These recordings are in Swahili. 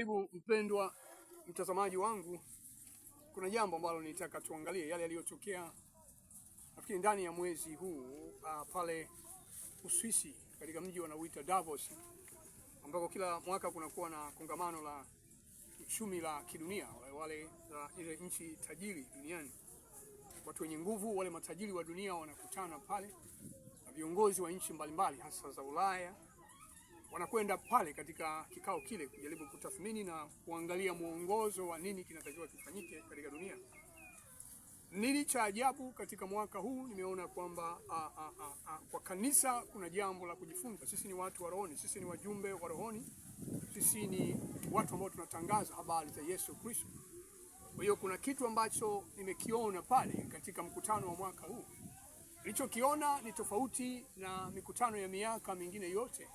Karibu mpendwa mtazamaji wangu, kuna jambo ambalo nitaka tuangalie yale yaliyotokea nafikiri ndani ya mwezi huu uh, pale Uswisi katika mji wanaoita Davos, ambako kila mwaka kunakuwa na kongamano la uchumi la kidunia, wale wale la ile nchi tajiri duniani, watu wenye nguvu, wale matajiri wa dunia wanakutana pale na viongozi wa nchi mbalimbali hasa za Ulaya wanakwenda pale katika kikao kile kujaribu kutathmini na kuangalia mwongozo wa nini kinatakiwa kifanyike katika dunia. Nini cha ajabu katika mwaka huu nimeona kwamba a, a, a, a, kwa kanisa kuna jambo la kujifunza. Sisi ni watu wa rohoni, sisi ni wajumbe wa rohoni, sisi ni watu ambao tunatangaza habari za Yesu Kristo. Kwa hiyo kuna kitu ambacho nimekiona pale katika mkutano wa mwaka huu, nilichokiona ni tofauti na mikutano ya miaka mingine yote.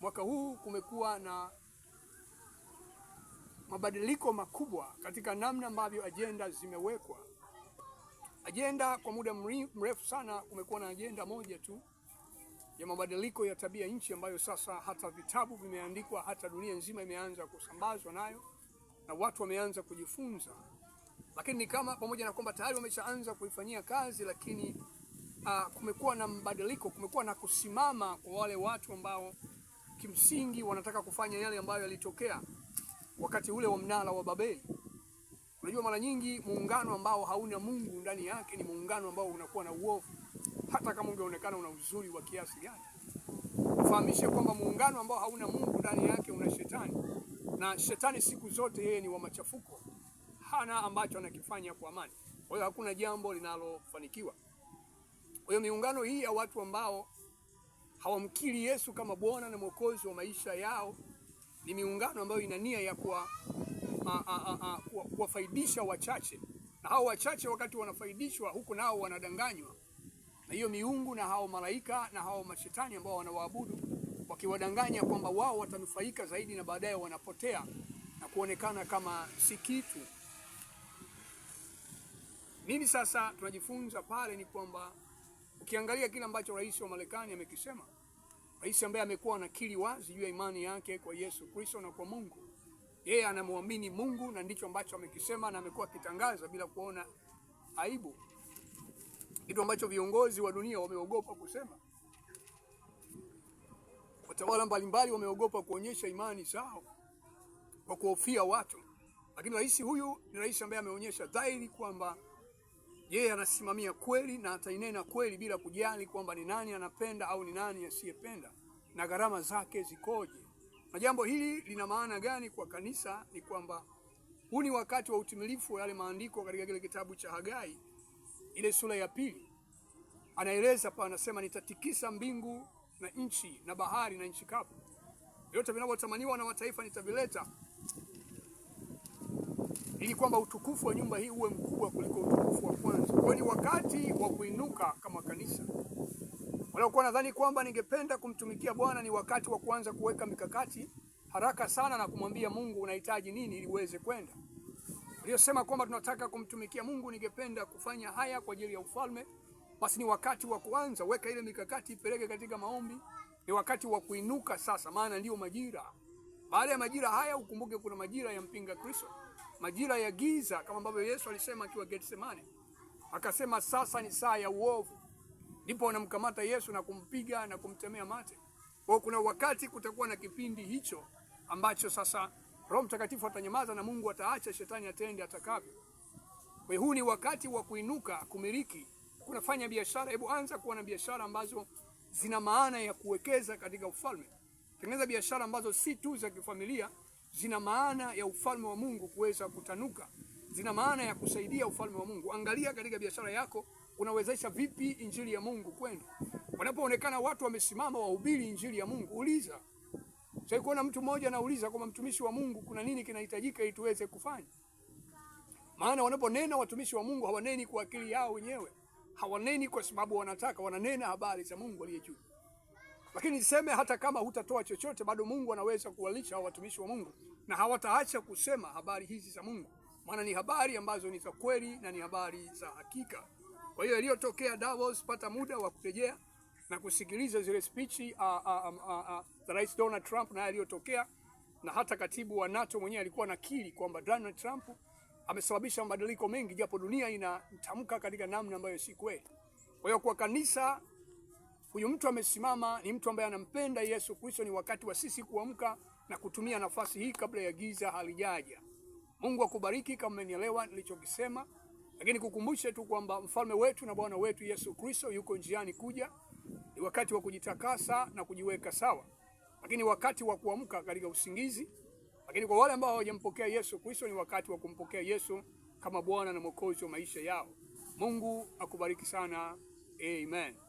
Mwaka huu kumekuwa na mabadiliko makubwa katika namna ambavyo ajenda zimewekwa. Ajenda kwa muda mrefu sana kumekuwa na ajenda moja tu ya mabadiliko ya tabia nchi, ambayo sasa hata vitabu vimeandikwa, hata dunia nzima imeanza kusambazwa nayo na watu wameanza kujifunza. Lakini ni kama pamoja na kwamba tayari wameshaanza kuifanyia kazi, lakini uh, kumekuwa na mabadiliko, kumekuwa na kusimama kwa wale watu ambao kimsingi wanataka kufanya yale ambayo yalitokea wakati ule wa mnara wa Babeli. Unajua, mara nyingi muungano ambao hauna Mungu ndani yake ni muungano ambao unakuwa na uovu, hata kama ungeonekana una uzuri wa kiasi gani. Fahamishe kwamba muungano ambao hauna Mungu ndani yake una shetani, na shetani siku zote yeye ni wa machafuko, hana ambacho anakifanya kwa amani. Kwa hiyo hakuna jambo linalofanikiwa. Kwa hiyo miungano hii ya watu ambao hawamkiri Yesu kama Bwana na Mwokozi wa maisha yao, ni miungano ambayo ina nia ya kuwafaidisha wachache, na hao wachache wakati wanafaidishwa huku nao wanadanganywa na hiyo miungu na hao malaika na hao mashetani ambao wanawaabudu, wakiwadanganya kwamba wao watanufaika zaidi, na baadaye wanapotea na kuonekana kama si kitu. Nini sasa tunajifunza pale ni kwamba ukiangalia kile ambacho rais wa Marekani amekisema Rais ambaye amekuwa anakiri wazi juu ya imani yake kwa Yesu Kristo na kwa Mungu. Yeye anamwamini Mungu na ndicho ambacho amekisema na amekuwa akitangaza bila kuona aibu, kitu ambacho viongozi wa dunia wameogopa kusema. Watawala mbalimbali wameogopa kuonyesha imani zao kwa kuhofia watu, lakini rais huyu ni rais ambaye ameonyesha dhahiri kwamba yeye anasimamia kweli na atainena kweli bila kujali kwamba ni nani anapenda au ni nani asiyependa na gharama zake zikoje. Na jambo hili lina maana gani kwa kanisa? Ni kwamba huu ni wakati wa utimilifu wa yale maandiko katika kile kitabu cha Hagai, ile sura ya pili. Anaeleza pa, anasema nitatikisa mbingu na nchi na bahari na nchi kavu, vyote vinavyotamaniwa na wataifa nitavileta ili kwamba utukufu wa nyumba hii uwe mkubwa kuliko utukufu wa kwanza. Kwa ni wakati wa kuinuka kama kanisa. Waliokuwa nadhani kwamba ningependa kumtumikia Bwana, ni wakati wa kuanza kuweka mikakati haraka sana na kumwambia Mungu unahitaji nini ili uweze kwenda. Waliosema kwamba tunataka kumtumikia Mungu, ningependa kufanya haya kwa ajili ya ufalme, basi ni wakati wa kuanza weka ile mikakati, ipeleke katika maombi. Ni wakati wa kuinuka sasa, maana ndiyo majira. Baada ya majira haya, ukumbuke kuna majira ya mpinga Kristo majira ya giza, kama ambavyo Yesu alisema akiwa Getsemane, akasema sasa ni saa ya uovu. Ndipo wanamkamata Yesu na kumpiga na kumtemea mate. Kwa kuna wakati kutakuwa na kipindi hicho ambacho sasa Roho Mtakatifu atanyamaza na Mungu ataacha shetani atende atakavyo. Kwa huu ni wakati wa kuinuka, kumiliki. Kunafanya biashara, hebu anza kuwa na biashara ambazo zina maana ya kuwekeza katika ufalme. Tengeneza biashara ambazo si tu za kifamilia zina maana ya ufalme wa Mungu kuweza kutanuka, zina maana ya kusaidia ufalme wa Mungu. Angalia katika biashara yako unawezesha vipi injili ya Mungu kwenda. Wanapoonekana watu wamesimama wahubiri injili ya Mungu, uliza. Sasa kuna mtu mmoja anauliza kwamba mtumishi wa Mungu, kuna nini kinahitajika ili tuweze kufanya? Maana wanaponena watumishi wa Mungu hawaneni kwa akili yao wenyewe, hawaneni kwa sababu wanataka, wananena habari za Mungu aliye juu. Lakini niseme hata kama hutatoa chochote, bado Mungu anaweza kuwalisha hao watumishi wa Mungu na hawataacha kusema habari hizi za Mungu, maana ni habari ambazo ni za kweli na ni habari za hakika. Kwa hiyo yaliyotokea Davos, pata muda wa kurejea na kusikiliza zile spichi uh, uh, um, uh, za Rais Donald Trump na yaliyotokea, na hata katibu wa NATO mwenyewe alikuwa nakiri kwamba Donald Trump amesababisha mabadiliko mengi, japo dunia inamtamka katika namna ambayo si kweli. Kwa hiyo kwa kanisa Huyu mtu amesimama, ni mtu ambaye anampenda Yesu Kristo. Ni wakati wa sisi kuamka na kutumia nafasi hii kabla ya giza halijaja. Mungu akubariki kama umenielewa nilichokisema, lakini kukumbushe tu kwamba mfalme wetu na Bwana wetu Yesu Kristo yuko njiani kuja. Ni wakati wa kujitakasa na kujiweka sawa, lakini wakati wa kuamka katika usingizi. Lakini kwa wale ambao hawajampokea Yesu Kristo, ni wakati wa kumpokea Yesu kama Bwana na Mwokozi wa maisha yao. Mungu akubariki sana. Amen.